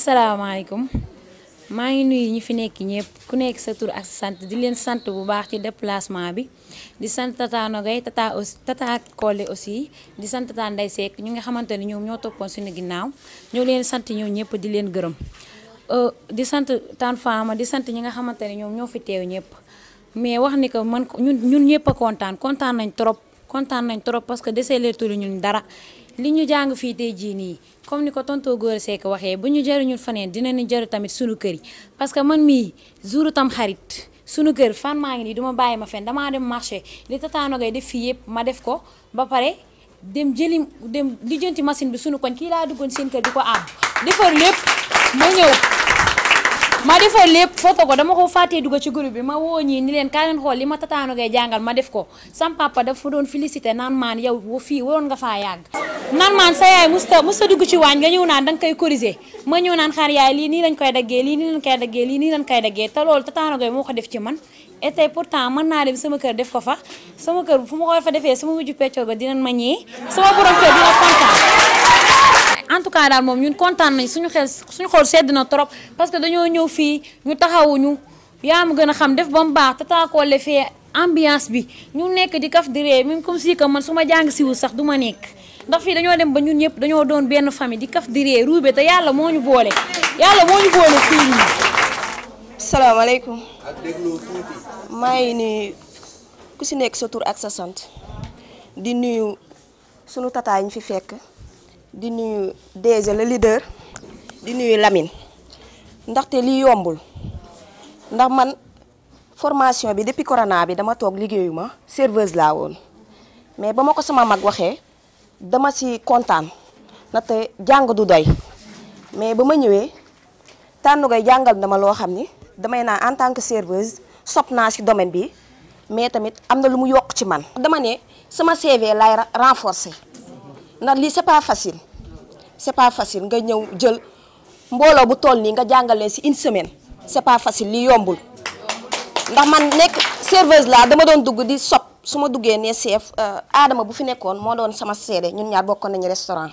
asalaamaaleykum maa ngi nuyu ñi fi nekk ñëpp ku nekk sa tur ak sant di leen sant bu baax ci déplacement bi di sant tata Nogay tata aussi di sant tata Ndeye Seck ñu nga xamante ne ñoom ñoo toppoon si suñu ginnaaw ñoo leen sant ñoom ñëpp di leen gërëm euh, di sant tan Fama di sant ñi nga xamante ne ñoom ñoo fi teew ñëpp mais wax ni que man ñun ñun ñëpp kontaan kontaan nañ trop kontaan nañ trop parce que desee leetulu ñu dara li ñu jàng fii tey jii nii comme ni ko tontoo góor seek waxee bu ñu jariñul faneen ni jaru tamit sunu kër yi parce que man mii jouru tam xarit sunu kër fan maa ngi nii du bàyyi ma fen damaa dem marché li tataano gay def fii yëpp ma def ko ba pare dem jëli dem lijjanti machine bi sunu koñ kii laa duggoon seen kër di ko àbb defar lépp ma ñëw ma defar lépp foto ko dama ko fàttee dugg ci groupe bi ma woo ñii ni leen kaa leen xool li ma tataanu ngay jàngal ma def ko sam papa dafa doon félicité naan maan yow fii waroon nga faa yàgg naan maan sa yaay musta musta dugg ci waañ nga ñëw naan da nga koy corriger ma ñëw naan xaar yaay lii nii lañ koy daggee lii nii lañ koy daggee lii nii lañ koy daggee te loolu tataanu ngay moo ko def ci man et tey pourtant man naa dem sama kër def ko fa sama kër fu ma ko fa defee sama wujju ba dinañ ma ñee sama borom en tout cas daal moom ñun kontaan nañ suñu xel suñu xool sedd na trop parce que dañoo ñëw fii ñu taxawuñu yaa ma gën a xam def ba mu baax Tata taakole fee ambiance bi ñu nekk di kaf di ree même comme si que man su ma jàng siwul sax du ma nekk ndax fii dañoo dem ba ñun ñëpp dañoo doon benn famille di kaf di ree ruube te yàlla moo ñu boole yàlla moo ñu boole fii nii. salaamaaleykum. maa ngi nuyu ku si nekk sa tur ak sa sant di nuyu sunu tata yi ñu fi fekk. di nuyu déjà le leader di nuyu Lamine té li yombul ndax man formation bi depuis corona bi dama tok ligéyuma serveuse la won mais ba ko sama mag waxé dama si contane na te jang du doy mais bama ñëwé tanu gay jangal dama lo xamni ni damay naa en tant que serveuse sopna ci domaine bi mais tamit amna lu mu yok ci man. dama né sama CV lay renforcer. ndax lii sepa pas facile c'est facile nga ñëw jël mbooloo bu toll nii nga jàngalee ci une semaine sepa pas facile lii yombul ndax man nekk serveuse laa dama doon dugg di sob su ma duggee ne chef aadama euh, bu fi nekkoon moo doon sama seede ñun ñaar bokkoon nañu restaurant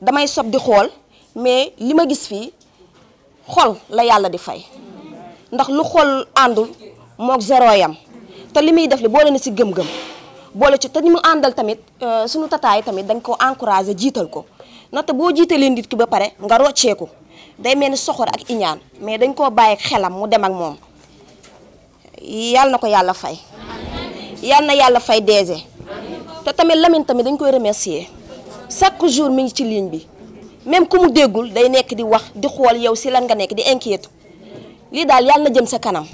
damay sob di xool mais li ma gis fii xol la yàlla di fay ndax lu xol àndul mook zéro yam te li muy def li boole na ci gëm-gëm boole ci te ñu mu àndal tamit euh, suñu tataay tamit dañ koo encouragé jiital ko ndaxte boo jiitalee nit ki ba pare nga rocceeku day mel ni soxor ak iñaan mais dañ koo bàyyi xelam mu dem ak moom yàlla na ko yàlla fay yàlla na yàlla fay DG te tamit Lamine tamit dañ koy remercier chaque jour mi ngi ci ligne bi même ku mu déggul day nekk di wax di xool yow si lan nga nekk di inquiète lii daal yàlla na jëm sa kanam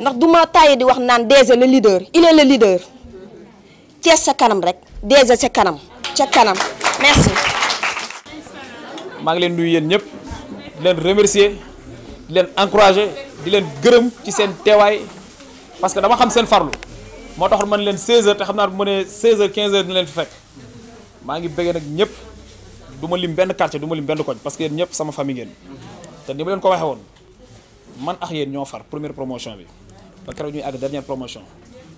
ndax du ma tàyyi di wax naan DG le leader il est le leader Thiès sa kanam rek déjà sa kanam ca kanam merci. maa ngi leen nuyu yéen ñëpp di leen remercier di leen encourager di len gërëm ci sen teewaay parce que dama xam sen farlu mo taxul man len 16h te xam naa bu ma nee 16h 15h dina len fi fekk maa ngi bëggee nag ñëpp du lim benn quartier duma lim benn koñ parce que yéen ñëpp sama famille ngeen té ni ma len ko waxé won man ak yeen ñoo far première promotion bi ba kéro ñuy ag dernière promotion.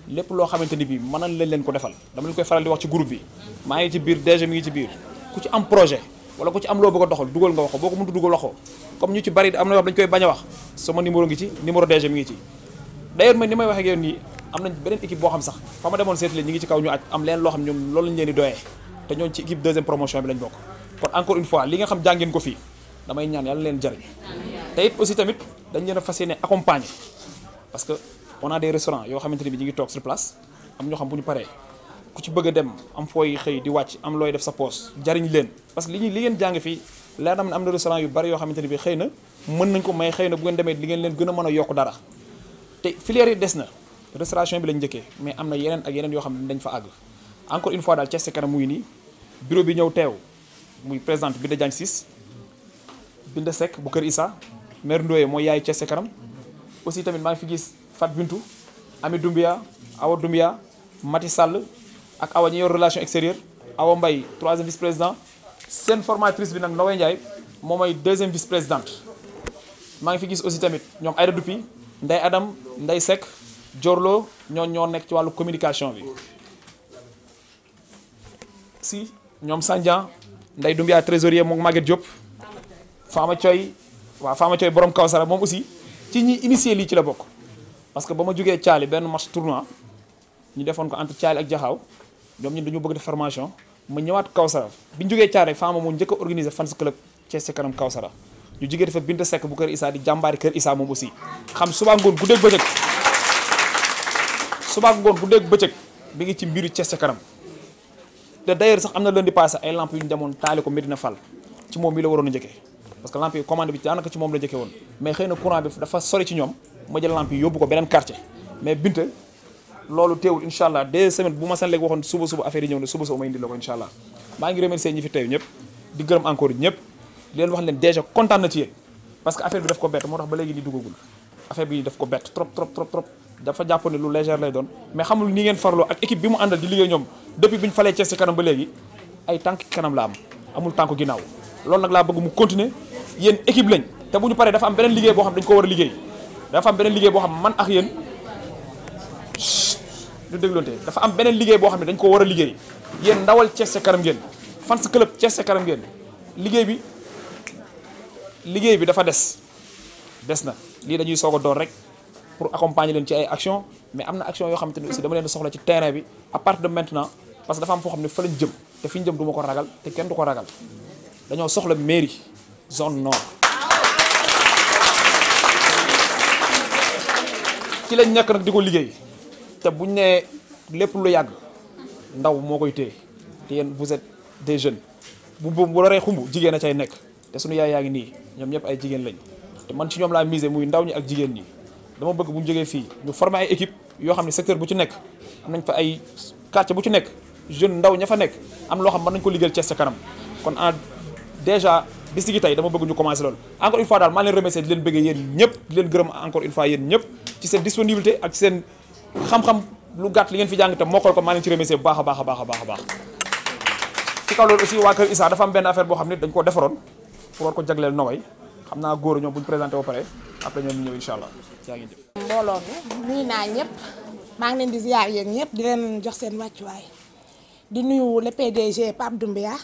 lepp lo xamanteni bi man nañ leen ko defal dama leen koy faral di wax ci groupe bi ma ngi ci biir déjà mi ngi ci biir ku ci am projet wala ku ci am lo bëgg doxal duggal nga waxo boko ko mënut dugal waxo comme ñu ci bari am na wax dañ koy baña wax sama numéro ngi ci numéro déjà mi ngi ci d'ailleurs man ni may wax ak yéen ni am nañ benen équipe bo xam sax fama demone demoon seeti leen ñi ngi ci kaw ñu aj am leen lo xam ñom loolu lañ leen di doyé té ñoo ci équipe deuxième promotion bi lañ bok kon encore une fois li nga xam jàngeen ko fi damay ñaan yalla leen jarign tayit aussi tamit dañ leen fassiyene accompagner parce que on a des restaurants yo xamanteni bi ñi ngi tok sur place am ñu xam buñu paré ku ci bëgg dem am fooy xey di wacc am loy def sa poste jariñ leen parce que li ñi li ngeen jang fi la na am na restaurant yu bari yo xamanteni bi xeyna mën nañ ko may xeyna bu ngeen démé li ngeen leen gëna mëna yok dara té filière yi dess na restauration bi lañ jëkke mais amna yenen ak yenen yo xamanteni dañ fa ag encore une fois dal ci ce kanam muy ni bureau bi ñew tew muy bi Binda jang 6 binde Seck bu keur isa mer Ndoye moy yaay ci ce kanam aussi tamit ma fi gis Fat Bintou Ami Doumbia Awa Doumbia Mati Sall ak Awa ñi relation extérieure Awa Mbaye troisième vice président Sen formatrice bi nag Ndiaye moom deuxième vice présidente maa ngi aussi tamit ñoom Aïda Dupi ndai Adam ndai Sek, Diorlo ñoo ñoo nekk ci la communication bi si ñoom Sandian ndai Doumbia trésorier moom Maguette Diop Fama Thioy waaw Fama Thioy borom Kawsara moom aussi ci ñi initié lii ci parce que ba ma jugee Thiali benn match tournoi ñu defoon ko entre Thiali ak Jaxaaw ñoom ñu dañu bëgg def formation ma ñëwaat Kawsara bi ñu jugee Thiali Fama moo njëkk a organiser fans club Thiès ca kanam Kawsara ñu jugee dafa Binta Seck bu kër Issa di jàmbaari kër Issa moom aussi xam suba ngoon guddeeg bëccëg suba ngoon guddeeg bëccëg bi ngi ci mbiru Thiès ca kanam te d'ailleurs sax am na lundi passé ay lamp yu ñu demoon taali ko Medina Fall ci moom mi la waroon a njëkkee parce que lamp yi commande bi daanaka ci moom la njëkkee woon mais xëy na courant bi dafa sori ci ñoom ma jël lamp yi yóbbu ko beneen quartier mais Binta loolu teewul incha allah deux semaines bu ma seen léegi waxoon suba suba affaire yi ñëw ne suba suba may indi la ko incha allah maa ngi remercier ñi fi teew ñëpp di gërëm encore ñëpp di leen wax leen déjà kontaan na ci yéen parce que affaire ko bett moo tax ba léegi di duggagul affaire bi daf ko bett trop trop trop trop dafa jàpp ne lu léger lay doon mais xamul ni ngeen farloo ak équipe bi mu àndal di liggéey ñoom depuis bi ñu falee Thiès ci kanam ba léegi ay tànk kanam la am amul tànk ginnaaw loolu nag laa bëgg mu continuer yéen équipe lañ te bu ñu paree dafa boo xam dañ ko war a dafa am beneen liggéey boo xam ne man ak yéen du dégloonte dafa am beneen liggéey boo xam ne dañ koo war a liggéey yéen ndawal Thiès ca kanam ngeen fans club Thiès ca kanam ngeen liggéey bi liggéey bi dafa des des na lii dañuy soog a door rek pour accompagner leen ci ay action mais am na action yoo xamante ne aussi dama leen soxla ci terrain bi à partir de maintenant parce que dafa am foo xam ne fa lañ jëm te fi ñu jëm duma ko ragal te kenn du ko ragal dañoo soxla mairie zone nord ci lañ nekk nag di ko liggéey te bu ñu nee lépp lu yàgg ndaw moo koy téye te yéen bu êtes des jeunes bu boobu bu loree xumb jigéen a cay nekk te suñu yaay yaa ngi nii ñoom ñëpp jigéen lañ te man ci ñoom laa misé muy ndaw ñi ak jigéen ñi dama bëgg bu ñu jógee fii ñu former ay équipe yoo xam ne secteur bu ci nekk am nañ fa ay quartier bu ci nekk jeune ndaw ña fa nekk am loo xam mën nañ ko liggéeyal Cees ca kanam kon en déjà bis ci tay dama bëgg ñu commencé lool encore une fois dal ma leen remercier di leen bëgg yeen ñëpp di leen gërëm encore une fois yeen ñëpp ci seen disponibilité ak ci seen xam-xam lu gatt li ngeen fi jàng te mokkal ko ma leen ci remercier bu baaxa baaxa baaxa baaxa baax ci kaw loolu aussi waa Kër isa dafa am benn affaire boo xam ne dañ ko defaroon pour war ko jagleel Nogaye xam naa góor ñoom bu ñu présenté ba pare après ñoom ñëw incha allah yaa ngi jëf mbooloo bi nuyu naa ñëpp maa ngi leen di ziar yéen ñëpp di leen jox seen wàccuwaay di nuyu le PDG Pape Doumbia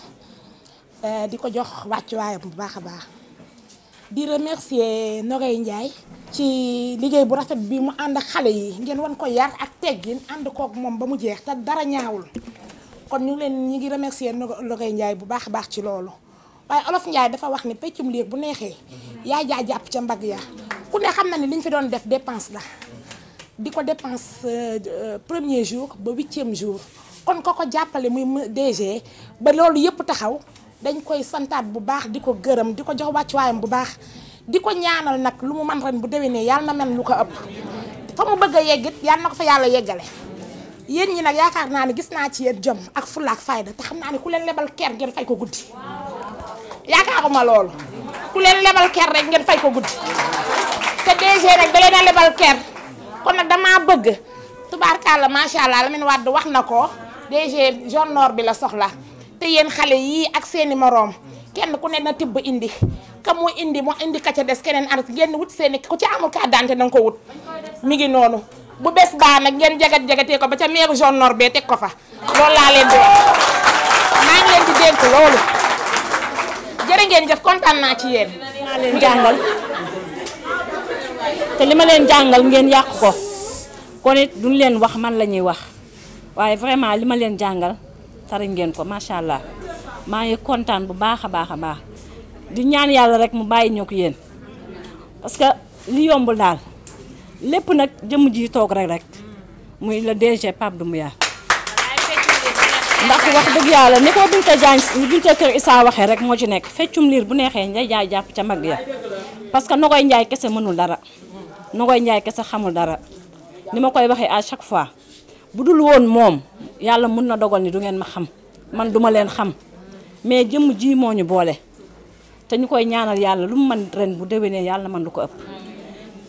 Euh, di ko jox wàccuwaayam bu baax a baax di remercier Nogaye Ndiaye ci liggéey bu rafet bi mu ànd ak xale yi ngeen wan ko yar ak teggin ànd koog moom ba mu jeex te dara ñaawul kon ñu leen ñi ngi remercier Nogaye njaay bu baax a baax ci loolu waaye olof Ndiaye dafa wax ni peccum léegi bu neexee yaa jaa jàpp ca mbagg ya ku ne xam na ni liñ fi doon def dépense la di ko dépense euh, premier jour ba huitième jour kon ko ko jàppale muy DG ba loolu yëpp taxaw dañ koy santaat bu baax di ko gërëm di ko jox wàccuwaayam bu baax di ko ñaanal nag lu mu man ren bu déwénee yàlla na mel lu ko ëpp fa mu bëgg a yeggit yàlla na ko fa yàlla yeggale yéen ñi nag yaakaar naa ne gis naa ci yéen jom ak fulla ak te xam naa ne ku leen lebal ker ngeen fay ko guddi yaakaaruma loolu leen lebal ker rek ngeen fay ko guddi te DG nag da leen a lebal ker kon nag damaa bëgg tubaar tubaarkàlla macha allah Lamine Wade wax na ko DG zone nord bi la soxla te yéen xale yii ak seeni moroom kenn ku ne na tibb indi ka mu indi mu indi ka ca des keneen ar ngeen wut seeni ku ci amul carte d'identité na nga ko wut mi ngi noonu bu bees baa nag ngeen jagat jagatee ko ba ca meeru zone nord bee teg ko fa loolu laa leen di wax maa ngi leen di dénk loolu jërë ngeen naa ci yéen naa leen jàngal li ma leen jàngal ngeen yàq ko kon it duñ leen wax man la ñuy wax waaye vraiment li ma leen jàngal tari ngeen ko macha allah maa ngi kontaan bu baax a baax a baax di ñaan yàlla rek mu bàyyi ñoo ko yéen parce que li yombul daal lépp nag jëmm ji toog rek rek muy le DG Pape Doumbouya ndax wax dëgg yàlla ni ko Binta Diagne Binta Kër Issa waxee rek moo ci nekk feccum liir bu neexee nday jaay jàpp ca mag ya parce que Nogoy Njaay kese mënul dara Nogoy Njaay kese xamul dara ni ma koy waxee à chaque fois Budul won mom, yalla mën mun na dogal ni du ngeen ma xam man duma len xam mais jëm ji moñu bolé té ñukoy ñaanal yalla lu man ren bu déwénee yalla man ëpp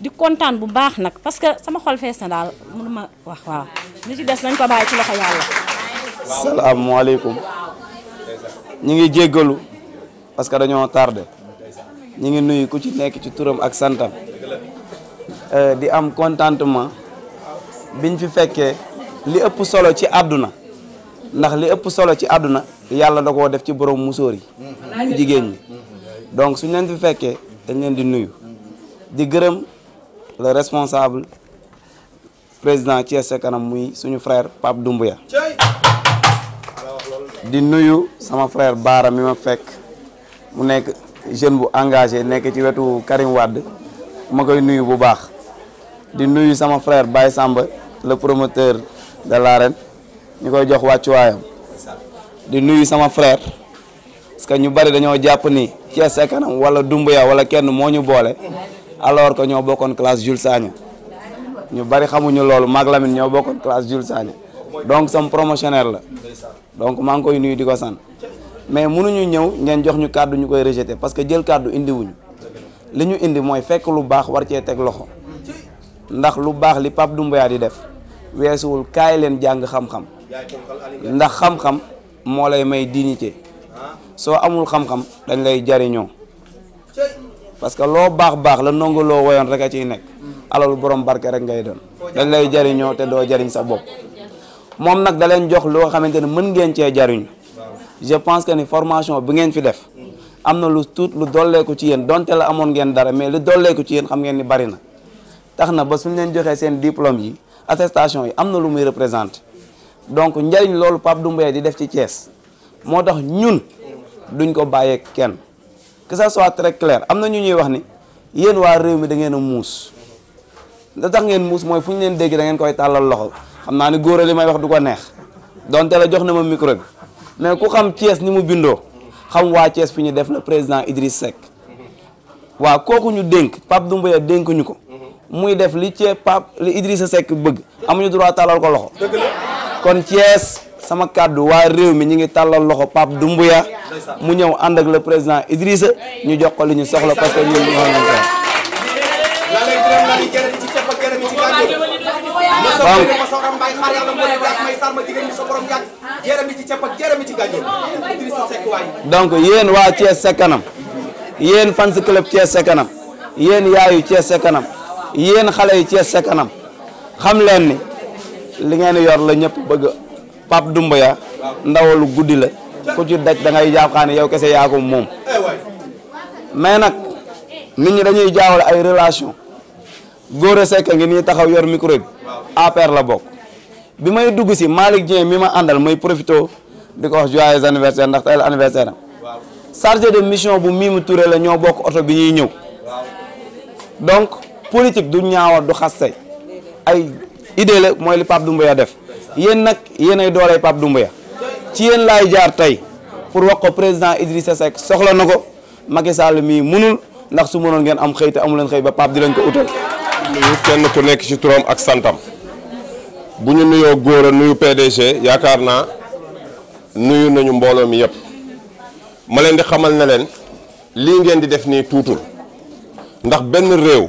di contane bu baax nak parce que sama xol fess na dal mënu ma wax waaw ni ci dess nañ ko baye ci loxo assalamu alaykum ñi ngi jéggalu parce que dañoo tardé ñi ngi nuyu ku ci nekk ci turam ak santam eh, di am contentement biñ fi fekkee li ëpp solo ci aduna ndax li ëpp solo ci aduna yalla da koo def ci borom musóor yi jigéen ñi donc suñu leen fi fekkee dañ leen di nuyu di gërëm le responsable président Thiès ca kanam muy suñu frère Pape Doumbouya di nuyu sama frère Baara mi ma fekk mu nekk jeune bu engagé nekk ci wetu Karim Wade ma koy nuyu bu baax di nuyu sama frère Baye Samba le promoteur de l'arène ñu koy jox wayam di nuyu sama frère parce que ñu bari dañoo japp ni ci sa kanam wala Dumbuya wala kenn moo ñu boole alors que ñoo bokon classe Jules Sagne ñu bari xamuñu lolu Mag Lamine ñoo bokon classe Jules Sagne donc sama promotionnaire la donc maa ngi koy nuyu diko san mais mënuñu ñew ngeen jox ñu cadeau ñu koy parce que jël cadeau indi wuñu liñu indi moy fekk lu bax war ci tek loxo ndax lu bax li di def weesuwul kaay leen jàng xam-xam ndax xam-xam moo lay may dignité soo amul xam-xam dañ lay jariñoo parce que loo baax baax la nangu loo woyoon rek a ciy nekk alalu borom barke rek ngay doon dañ lay jariñoo te doo jariñ sa bopp moom nag da leen jox loo xamante ne mën ngeen cee jariñu je pense que ni formation bi ngeen fi def am na lu tuut lu dolleeku ci yéen donte la amoon ngeen dara mais lu dolleeku ci yéen xam ngeen ni bari na tax na ba suñ leen joxee seen diplôme yi attestation yi am na lu muy représenter donc njëriñ loolu Pape Doumbouya di def ci Thiès moo tax ñun duñ ko bàyyee kenn que ça soit très clair am na ñu ñuy wax ni yéen waa réew mi da ngeen a muus da tax ngeen muus mooy fu ñu leen dégg da ngeen koy tàllal loxo xam naa ni góor li may wax du ko neex donte la jox na ma micro mais ku xam Thiès ni mu bindoo xam waa Thiès fi ñu def la président Idriss Seck waa kooku ñu dénk Pape Doumbouya dénk ñu ko. muy def li ci pap li Idrissa sek bëgg amuñu droit talal ko loxo kon ties sama kàddu wa rew mi ñi ngi talal loxo pap dumbuya mu ñew and ak le président Idrissa ñu jox ko li ñu soxla parce que ñu ñoo ngi donc yéen wa Thiès sa kanam fans club Thiès sa kanam yéen yaayu Thiès sa kanam yeen xalé yi ci ca kanam xam leen ni li ngeen yor la ñepp bëgg dumba ya ndawalu guddi la ku ci daj da ngay jaxane yow kese ya ko mom mais nak nit ñi dañuy jaawal ay relation Gora Seck ngi ni taxaw yor micro bi APR la bok bi may dugg ci malik Dieng mi ma andal may profito diko wax joyeux anniversaire ndax tey la anniversaire am de mission bu mimu Touré la ño bok auto bi ñi ñew donc politique du ñaawal du xaste ay idée la mooy li Pape Doumbouya def yéen nag yéen ay dooley Pape Doumbouya ci yéen laay jaar tey pour wax ko président sa Seck soxla na ko Macky Sall mii munul ndax su mënoon ngeen am xëy te amu leen xëy ba Pape di leen ko utal. nuyu kenn ku nekk ci turam ak santam bu ñu nuyoo góor a nuyu PDG yaakaar naa nuyu nañu mbooloo mi yëpp ma leen di xamal na leen lii ngeen di def nii tuutul ndax benn réew.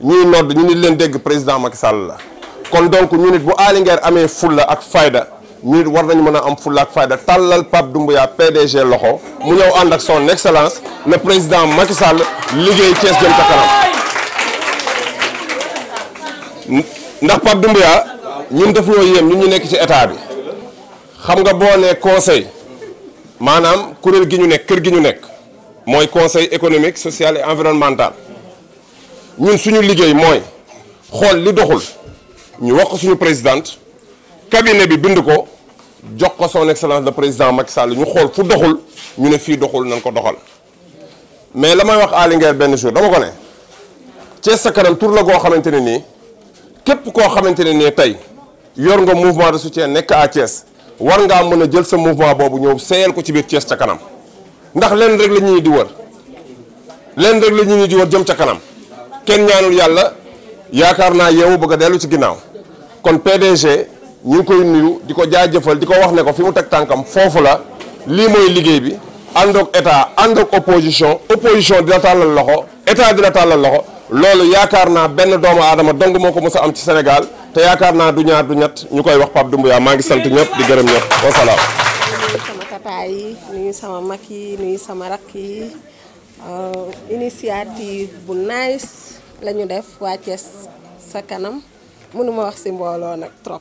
ñuy nodd ñu nit leen dégg président Macky Sall la kon donc ñu nit bu Aly Nguer amee la ak fayda ñu nit war nañu mën a am fulla ak fayda tàllal Pape Doumbouya PDG loxo mu ñëw ànd ak son excellence le président Macky Sall liggéey Thiès jëm ca kanam ndax Pape Doumbouya ñun daf ñoo yéem ñun ñu nekk ci état bi xam nga boo nee conseil maanaam kuréel gi ñu nekk kër gi ñu nekk mooy conseil économique social et environnemental ñun suñu liggéey mooy xool li doxul ñu wax ko suñu présidente cabinet bi bind ko jox ko son excellence le président Macky Sall ñu xool fu doxul ñu ne fii doxul nañ ko doxal mais la may wax Aly Nguer benn jour dama ko ne Thiès sa kanam tur la koo xamante ne nii képp koo xamante ne nii tey yor nga mouvement de soutien nekk à Thiès war ngaa mën a jël sa mouvement boobu ñëw seyal ko ci biir Thiès ca kanam ndax leen rek la ñuy di wër leen rek la ñuy di wër jëm ca kanam Kenya ñaanul yalla yaakar na yeewu bëgg delu ci kon PDG ñu koy nuyu di jaajeufal diko di ko wax ne ko fi mu tek tankam fofu la li moy liggey bi andok état andok opposition opposition dina talal loxo état dina talal loxo lolu yaakar na benn doomu adama dong moko mësa am ci Sénégal te yaakar na du ñaar du ñet ñukoy wax ma ngi sant ñep di gërëm ñep wa salaam sama tataay sama makki sama rakki euh, initiative bu nice. lañu def wa Thiès sa kanam mënuma wax ci mbolo nak trop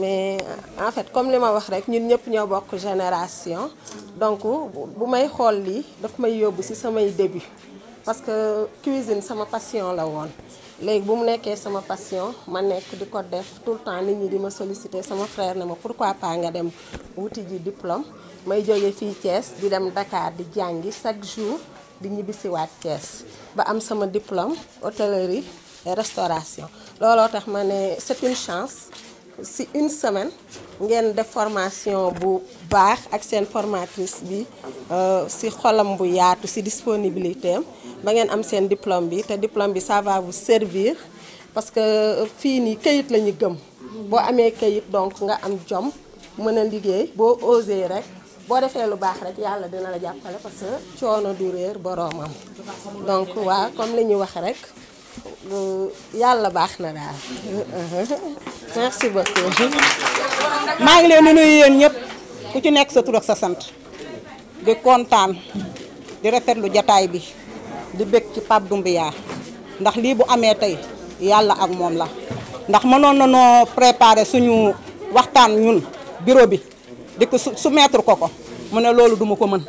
mais en fait comme li ma wax rek ñun ñëpp ñoo bokk génération donc bu may xol li daf may yóbbu ci samay début parce que cuisine sama passion la won légui bu mu nekké sama passion ma nekk di ko def tout le temps nit ñi di ma solliciter sama frère ne ma pourquoi pas nga dem wuti ji diplôme may jóge fii Thiès di dem Dakar di jangi chaque jour di ñibbisiwaat Thiès ba am sama diplôme hôtellerie et restauration Lolo tax ma c'est une chance si une semaine ngeen def formation bu baax ak seen formatrice bi euh, si xolam bu yaatu si disponibilité am ba ngeen am seen diplôme bi te diplôme bi ça va vous servir parce que euh, fini, nii kayit la ñu gëm boo amee kayit donc nga am jom mën a liggéey boo osé rek bo defé lu bax rek yalla dina la jappalé parce que choono du réer boromam donc wa comme liñu wax rek yalla bax na da merci beaucoup ma ngi leen nuyu yeen ñep ku ci nekk sa tur ak sa sante di contane di lu jotaay bi di bekk ci dumbi ya ndax li bu amé tay yalla ak mom la ndax mënon na no préparer suñu waxtaan ñun bureau bi di ko soumettre ko ko mu ne loolu duma ko mën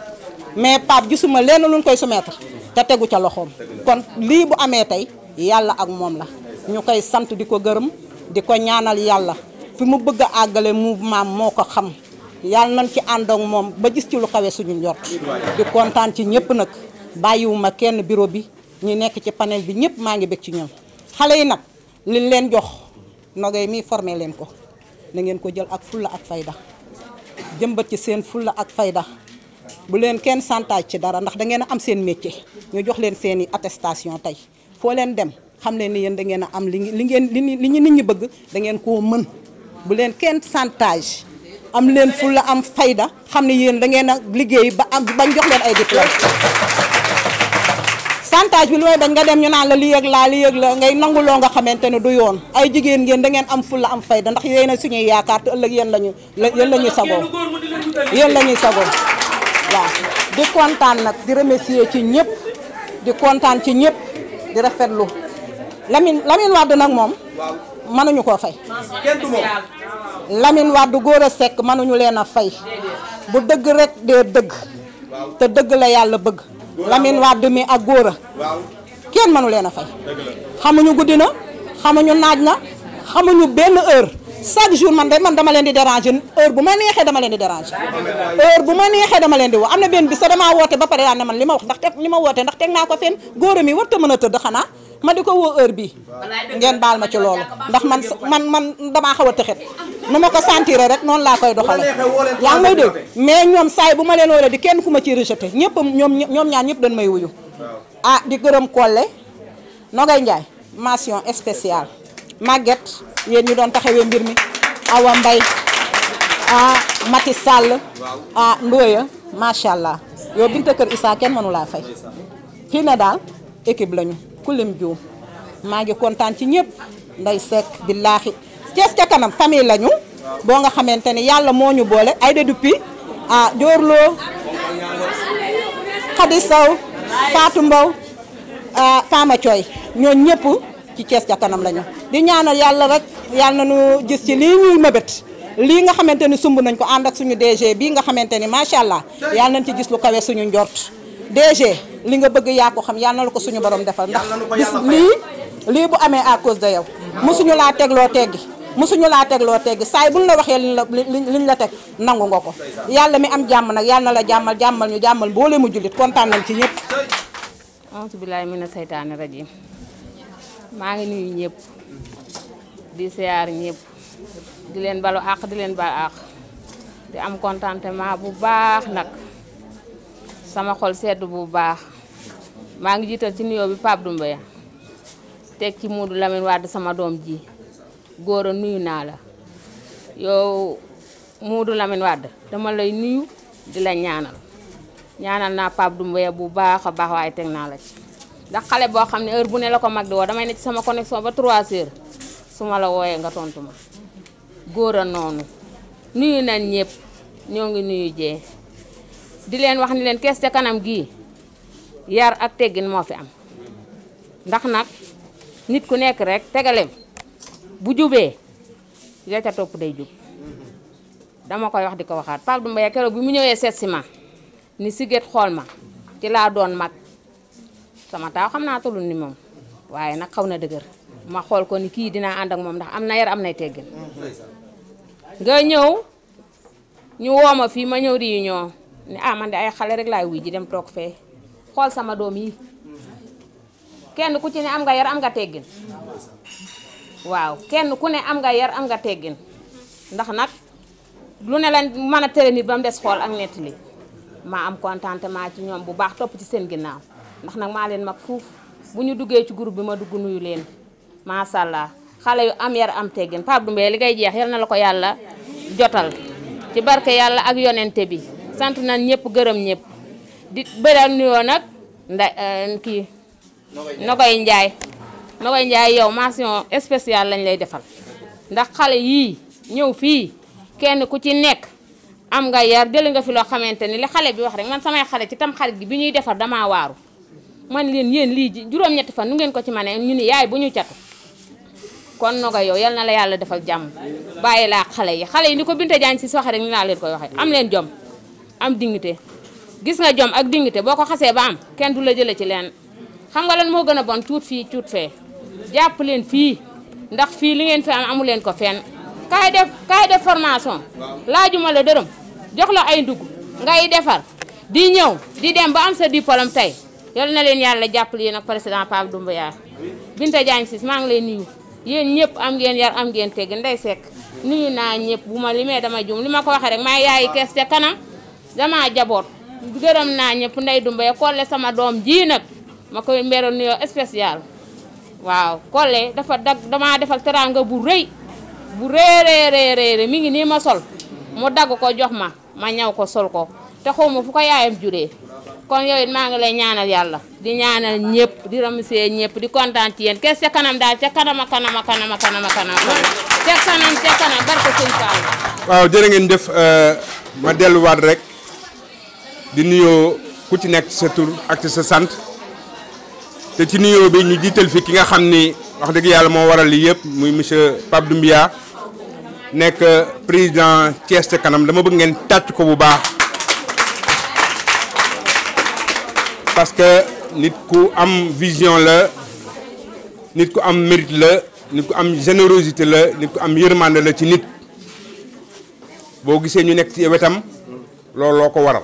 mais Pape gisuma lenn luñ koy soumettre te tegu ca loxoom kon lii bu amee tey yàlla ak moom la ñu koy sant di ko gërëm di ko ñaanal yàlla fi mu bëgg a àggale mouvement moo ko xam yàlla nañ ci ànd moom ba gis ci lu kawe suñu njort di kontaan ci ñëpp nag bàyyiwuma kenn bureau bi ñu nekk ci panel bi ñëpp maa ngi bëgg ci ñëw xale yi nag liñ leen jox nogay mi formé leen ko na ngeen ko jël ak fulla ak fayda jëmbat ci seen fulla ak fayda bu leen kenn santaaj ci dara ndax da ngeen a am seen métier ñu jox leen seeni attestation tey foo leen dem xam leen ni yéen da ngeen a am li li ngeen li ñu nit ñi bëgg dangeen ngeen koo mën bu leen kenn santaaj am leen fulla am fayda xam ne yéen da ngeen a liggéey ba am bañ jox leen ay diplôme santage bi lu may bañ nga dem ñu naan la li ak la li ak la ngay nangu loo nga xamantene du yoon ay jigéen ngeen da ngeen am fulla am fayda ndax yeena suñu suñuy yaakaar te ëlëk yeen lañu yeen lañu sago yeen lañu sago wa di contane nak di remercier ci ñepp di contane ci ñepp di rafetlu Lamine Lamine Wade nag moom mënuñu ko fay Lamine Wade góor a sekk mënuñu leen a fay bu deug rek de deug te deug la yalla bëgg Lamine Wade mi ak góor a kenn mënu leen a fay xamuñu guddi na xamuñu naaj na xamuñu benn heure chaque jour man de man dama leen di déranger heure bu ma neexee dama leen di déranger heure bu ma neexee dama am na benn bi sa damaa woote ba pare yaa ne man li ma wax ndax teg li ma woote ndax teg naa ko fenn góor a mi warta mën a tëdd xanaa ma diko wo erbi, heure bi ngeen bal ma ci loolu ndax man man man dama xawa taxet numa ko sentir rek non la koy doxal ya ngay may mais ñom say bu ma leen di kenn kuma ci rejeter ñepp ñom ñom ñaan ñepp dañ may wuyu ah di gërëm Collé Nogay Ndiaye mention spéciale Maguette yeen ñu doon taxawé mbir mi Awa mbay ah Mati Sall ah Ndoya machallah yo binte keur isa ken manula fay fi ne dal équipe lañu kulim juum maa ngi kontaan ci ñëpp nday sekk billaahi Cees ca kanam famille lañu boo nga xamante ne yàlla moo ñu boole Aïda Dupi ah Dior Lo Khady Sow Fatou Mbow ah, Fama Thioy ñooñ ñëpp ci Cees ca kanam lañu di ñaanal yàlla rek yàlla nañu gis ci lii ñuy mëbët lii nga xamante ni sumb nañ ko ànd ak suñu DG bii nga xamante ni macha allah yàlla nañ ci gis lu kawe suñu njort DG li nga bëgg yaa ko xam yàlla la ko suñu borom defal ndax bis lii lii bu amee à cause de yow mosuñu mm-hmm. laa tegloo teggi mosuñu laa tegloo teggi saay buñ la waxee liñ la liñ la teg nangu nga ko yàlla mi am jàmm nag yàlla na la jàmmal jàmmal ñu jàmmal mboole mu jullit kontaan nañ ci ñëpp auzu billaahi mina seytaani rajiim maa ngi nuyu ñëpp di siyaar ñëpp di leen balu àq di leen balu àq di am contentement bu baax nag sama xol sedd bu baax maa ngi jiital ci nuyoo bi ya teg ci Moodu Lamine Wade sama doom ji goro a nuyu naa la yow Moodu Lamine Wade dama lay nuyu di ñaanal ñaanal ya bu baax a baax waaye teg naa la ci ndax xale boo heure bu ne la ko mag di damay ne ci sama connexion ba 3 heures su la wooyee nga tontu ma góor a noonu nuyu nañ ñëpp ñoo ngi nuyu di leen wax ni leen kees kanam yar ak teggin moo fi am ndax nit ku nekk rek tegaleem bu jubee ya ca topp day jub dama koy wax di ko pal Pape Doumbia ya keroog mu ñëwee seet si ni siget xool ma ci laa doon mag sama taaw xam naa ni moom waaye nag xaw na andang ma ko ni ak moom ndax am na yar am nay teggin nga ñëw ñu woo ma fii ma ñëw ni am ah, man de ay xale rek laay wuy ji dem toog fee xool sama doom yi kenn ku ci ne am nga yar am nga teggin waaw kenn ku ne am nga yar am nga teggin ndax nag lu ne lañ mën a tere nit ba mu des xool ak nettali maa am contentement ci ñoom bu baax topp ci seen ginnaaw ndax nag maa leen mag fuuf bu ñu duggee ci groupe bi ma dugg nuyu leen macha allah xale yu am yar am teggin Pape Doumbé li ngay jeex yal na la ko yàlla jotal ci barke yàlla ak yonente bi sant nañ ñëpp gërëm ñëpp di bëral nuyoo nag nda eh, kii Nogoy Njaay Nogoy Njaay yow mention spéciale lañ lay defal ndax xale yii ñëw fii kenn ku ci nekk am nga yar jëli nga fi loo xamante ni li xale bi wax rek man samay xale ci tam gi bi ñuy defar damaa waaru man leen yéen lii juróom-ñetti fan nu ngeen ko ci manee ñu ni yaay bu ñu catu kon noga yow yal na la yàlla defal jàmm bàyyi laa xale yi xale yi ni ko Binta Jaañ si waxee rek ni naa leen ko waxee am leen jom am dignité gis nga jom ak dignité boo ko xasee ba am kenn du la jëlee ci leen xam nga leen moo gën a bon tuut fii tuut fee jàpp leen fii ndax fii li ngeen fi am amu leen ko fenn kaay def kaay def formation la dërëm jox la ay ndugg ngay defar di ñëw di dem ba am sa diplôme tey yal na leen yàlla jàppale yéen ak président Pape Doumbouya Binta Diagne Ciss maa ngi lay nuyu yéen ñëpp am ngeen yar am ngeen tegg ndey sek nuyu naa ñëpp bu ma li limee dama jum li ma ko waxee rek maa yaayi kees te kanam dama jaboot gërëm naa ñëpp nday ya kolé sama doom ji nak mako mbéro nuyo spécial waaw kolé dafa dag damaa defal teranga bu reuy bu re, mi ngi ni ma sol mu dag ko jox ma ma ñaw ko sol ko te xawma fu ko yaayam juré kon yoy ma nga lay ñaanal yalla di ñaanal ñëpp di remercier ñëpp di kontaan ci yéen kees ca kanam daal ci kanam kanam kanam kanam kanam ci kanam ci kanam barko sun taw waaw jere ngeen def euh, ma wat rek di nuyoo ku ci nekk sa tur ak sa sant te ci nuyoo bi ñu jiital fi ki nga xam ni wax dëgg yàlla moo waral lii yëpp muy monsieur Pape Doumbia nekk président Thiès ca kanam dama bëgg ngeen tàcc ko bu baax parce que nit ku am vision la nit ku am mérite la nit ku am générosité la nit ku am yërmande la ci nit boo gisee ñu nekk ci wetam looloo ko waral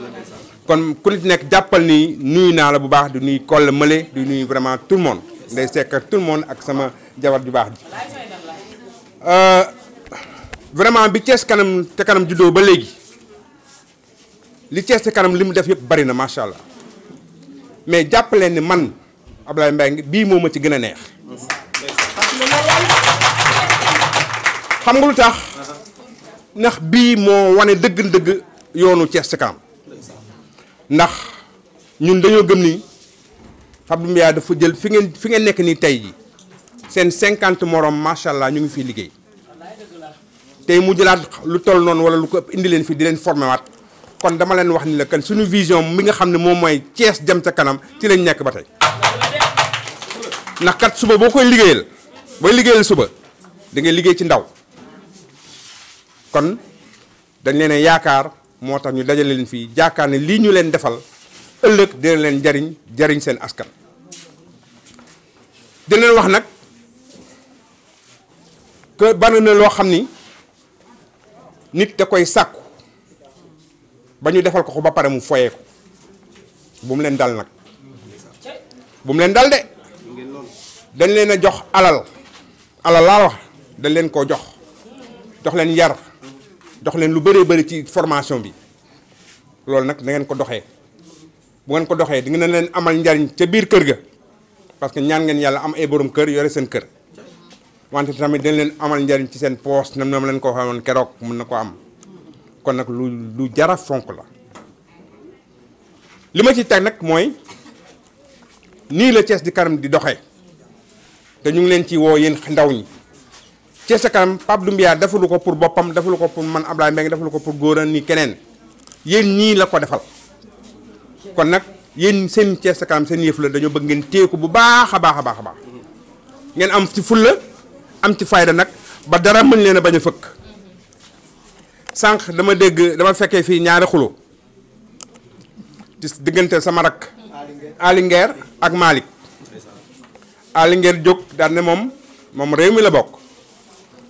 kon ku nit nekk jàppal ni nuy na la bu baax du nuy Kolle Mële du nuy vraiment tout le monde nday sekk tout le monde ak sama jabar du baax euh vraiment bi Thiès kanam te kanam juddoo ba légui li Thiès te kanam limu def yëpp bari na machallah mais jàppaleen ni man Ablaye Mbengue bi moma ci gëna neex xam nga lu tax uh-huh. ndax bii moo wane deug dëgg yoonu Thiès ci kanam ndax ñun dañoo gëm ni Fapal Mbiya dafa jël fi ngeen fi ngeen nekk nii tey ji seen cinquante morom macha allah ñu ngi fiy liggéey tey mu jëlaat lu toll noonu wala lu ko indi leen fii di leen formé kon dama leen wax ni la kan suñu vision mi nga xam ne moom mooy Thiès jëm ca kanam ci lañ nekk ba tey ndax kat suba boo koy liggéeyal booy liggéeyal suba da ngay liggéey ci ndaw kon dañ leen a yaakaar. moo tax ñu dajale leen fii jaakaar ne lii ñu leen defal ëllëg dina leen jariñ jariñ seen askan di leen wax nag kër bari na loo xam ni nit da koy sàkku ba ñu defal ko ko ba pare mu foyee bu mu leen dal nag bu mu leen dal de dañ leen a jox alal alal laa dañ leen koo jox jox leen yar dox leen lu bëree bëri ci formation bi loolu nag na ko doxee bu ngeen ko doxee di nga leen amal njariñ ca biir kër ga parce que ñaan ngeen yàlla am ay boroom kër yore seen kër wante tamit dañ leen amal njariñ ci seen poos na nam leen ko xamoon keroog mën na ko am kon nag lu lu jara fonk la li ma ci teg nag mooy nii la Thiès di kanam di doxee te ñu ngi leen ci woo yéen ndaw ñi Thiès ca kanam Pape Doumbia defalu ko pour boppam defalu ko pour man Ablaye Mbengue defalu ko pour góora ni keneen yéen ñii la ko defal kon nag yéen seen Thiès ca kanam seen yëf la dañoo bëgg ngeen téye bu baax a baax a baax a ngeen am ci fulla am ci fayda nag ba dara mën leen a bañ a fëkk sànq dama dégg dama fekkee fii ñaari xulo ci diggante sama rakk Alinguer ak Malick Alinguer jóg daal ne moom moom réew mi la bokk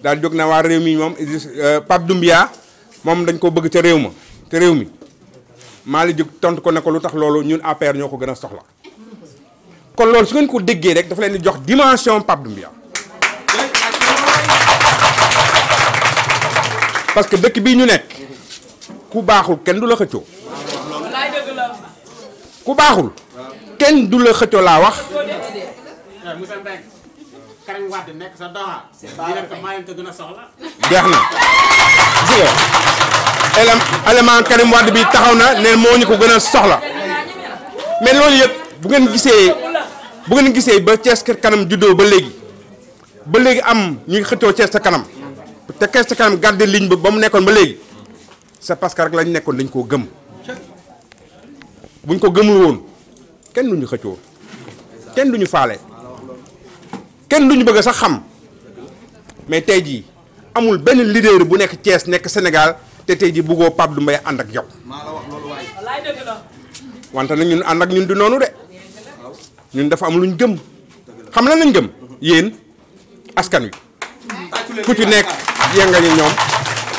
daal jóg na waa réew mi moom euh, Pape Doumbia moom dañ ko bëgg ca réew ma te réew mi maa li jóg tontu ko ne lu tax loolu ñun APR ñoo ko gën a soxla kon loolu su ngeen ko déggee rek dafa leen di jox dimension Pape Doumbia parce que dëkk bi ñu nekk ku baaxul kenn du la xëccoo ku baaxul kenn du la xëccoo laa wax Karim Wade nekk sa doxa directement ko gën a soxla jeex na gis nga élément Karim Wade bi taxaw na ne moo ñu ko gën a soxla mais loolu yëpp bu ngeen gisee bu ngeen gisee ba Thiès Ca Kanam juddoo ba léegi ba léegi am ñuy ngi xëccoo Thiès Ca Kanam te Thiès Ca Kanam garder ligne ba ba mu nekkoon ba léegi c'est parce que rek lañ nekkoon dañ koo gëm buñ ko gëmul woon kenn duñu xëccoo kenn ñu faale kenn ñu bëgg sax xam mais tey jii amul benn leader bu nekk cees nekk senegal te tey jii bëggoo Pape Doumbia ànd ak yow. wante nag ñun ànd ak ñun di noonu de ñun dafa am lu ñu gëm xam lan lañ gëm yéen askan wi ku ci nekk yënga ñu ñoom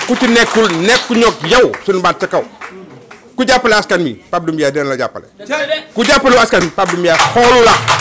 ku ci nekkul nekku ñoog yow suñu baat ca kaw ku jàppale askan wi Pape Doumbia dina la jàppale ku jàppale askan wi Pape Doumbia xoolu la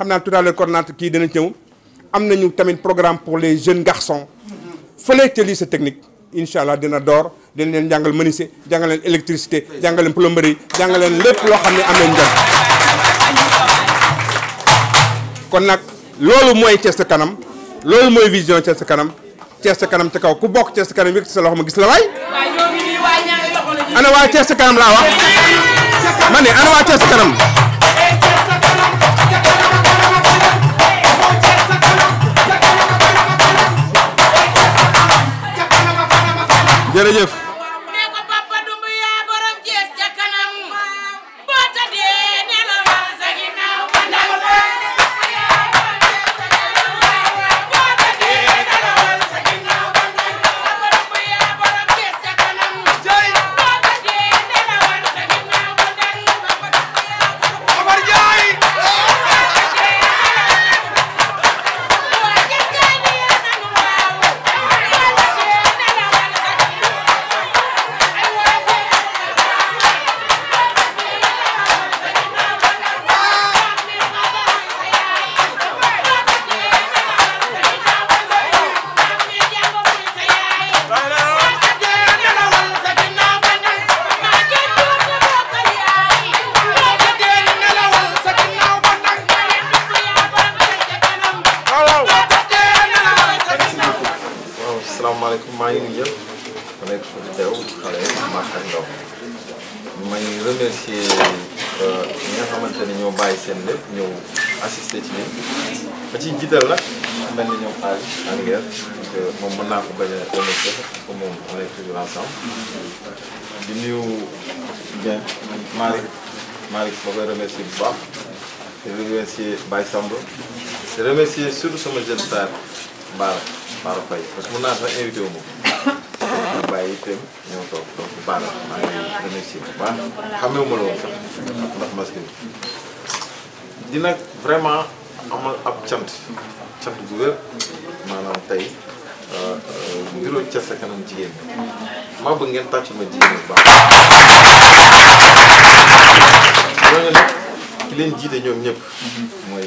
xamna naa tout à l'heure coordonnateur kii dina ñëw am nañu tamit programme pour les jeunes garçons fële li lycée technique inshallah dina door dina len jangal menuisier jangal len électricité jangal len plomberie jangal len lepp lo xamné amé am kon nak lolu moy Thiès ca kanam lolu moy vision Thiès ca kanam Thiès ca kanam ca kaw ku bok Thiès ca kanam yëkkati sa loxo ma gis la way ana wa Thiès ca kanam la wax mané ana wa Thiès ca kanam. jërëjëf remercier euh, ñi nga xamante ni ñoo bàyyi seen lépp ñëw assisté ci lii ba ci jiital nag mel ni ñoom Ali Anguère parce que moom mën naa ko bañ a remercier parce moom on est toujours di nuyu bien Malick Malick ma koy remercier bu baax di remercier Baye Samb di remercier surtout sama jeune frère Bara Bara Faye parce que mën naa sax invité moom bàyyi itam ñoo toog donc baax na maa ngi remercier bu dina vraiment amal ab cant cant bu wér maanaam tey euh, euh, mbiru ca sa kanam jigéen maa bëgg ngeen tàcc ma jigéen bu baax ñooñu ki leen jiite ñoom ñëpp mooy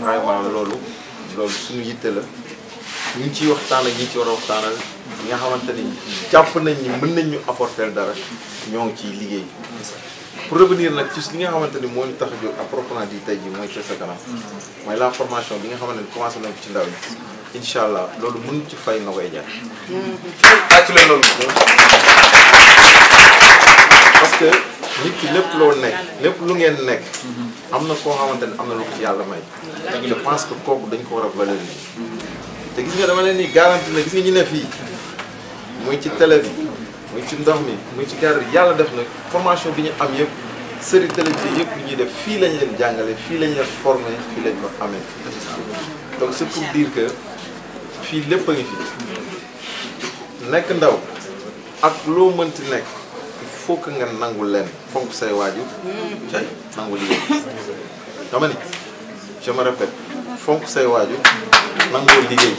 vraiment loolu loolu suñu yitte la ñu ngi ciy waxtaan ak ñi ci war a waxtaanal ñi nga xamante ni jàpp nañ ni mën nañ ñu apporter dara ñoo ngi ciy liggéey. pour revenir nag ci li nga xamante ni moo ñu tax a jóg à proprement dit tey jii mooy Thiès sa kanam. mooy la formation bi nga xamante ni commencé nañ ci ndaw ñi. incha allah loolu mën ci fay na koy jaar. parce que. nit ki lepp lo nek lepp lu ngeen nek amna ko koo amna lu ci yalla may je pense que kokku dañ ko wara a ni te gis nga dama len ni garantie na gis nga ñu ne fi muy ci télé bi muy ci ndox mi muy ci gar yalla def na formation bi ñu am yépp série télé bi yépp ñuy def fi lañ leen jàngale fii lañ leen formé fi lañ ko amé donc c'est pour dire que fii lépp a ngi fi nekk ndaw ak loo mënti nekk faut que nga nangul leen fonk say waajur cay mm. nangu liggéey dama ni je me répète fonk say waajur nangoo liggéey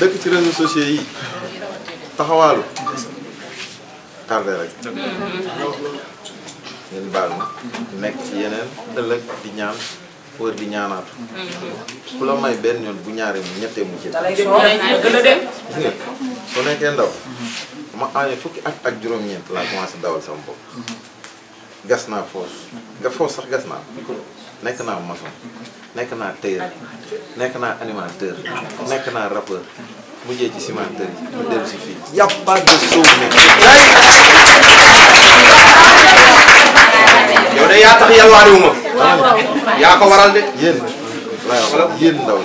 dëkk ci réseaux sociaux yi taxawaalu tardé rek mm-hmm. ngeen baal ma nekk ci yeneen ëllëg di ñaan wër di ñaanaatu. ku la may benn yoon bu ñaaree mu ñettee mu jël. su nekkee ndaw. ma aaye fukki at ak juróom-ñeent laa commencé dawal sama bopp. gas naa foos. nga foos sax gas naa. nekk naa maçon. nekk naa tailleur. nekk naa animateur. nekk naa rappeur. mujjee ci cimenterie yi. mu dellu si fii. y a pas de yow de yaa tax yalwaane wu ma. yaa ko waral de. yéen waaw yéen ndaw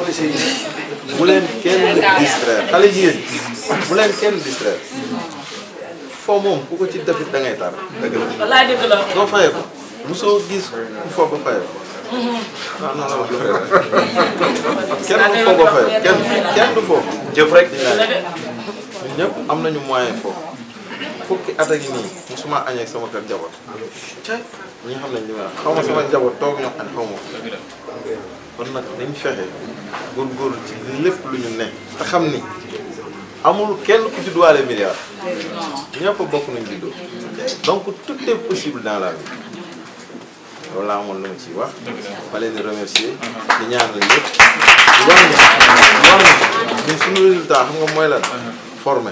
bu leen kenn distraire xale jigéen bu leen kenn distraire foo moom ku ko ci defit dangay ngay tar. dëgg la wallaay dëgg ko mosoo gis ku foog a fayee ko. Mm-hmm. ah non kenn du foog jëf rek ñun ñëpp am nañu moyen foofu. fukki at a ngi nii musuma añ ak sama kër njaboot ca ñi xam nañ li ma xaw ma sama njaboot toog ñoom añ xaw ma kon nag dañ fexe góorgóorlu ci lépp lu ñu ne te xam ni amul kenn ku judduwaale milliard ñëpp bokk nañ juddoo donc tout est possible dans la vie loolu laa amoon lu ma ciy wax ma leen di remercier di ñaanal ñëpp di wax ni war na ñun résultat xam nga mooy lan formé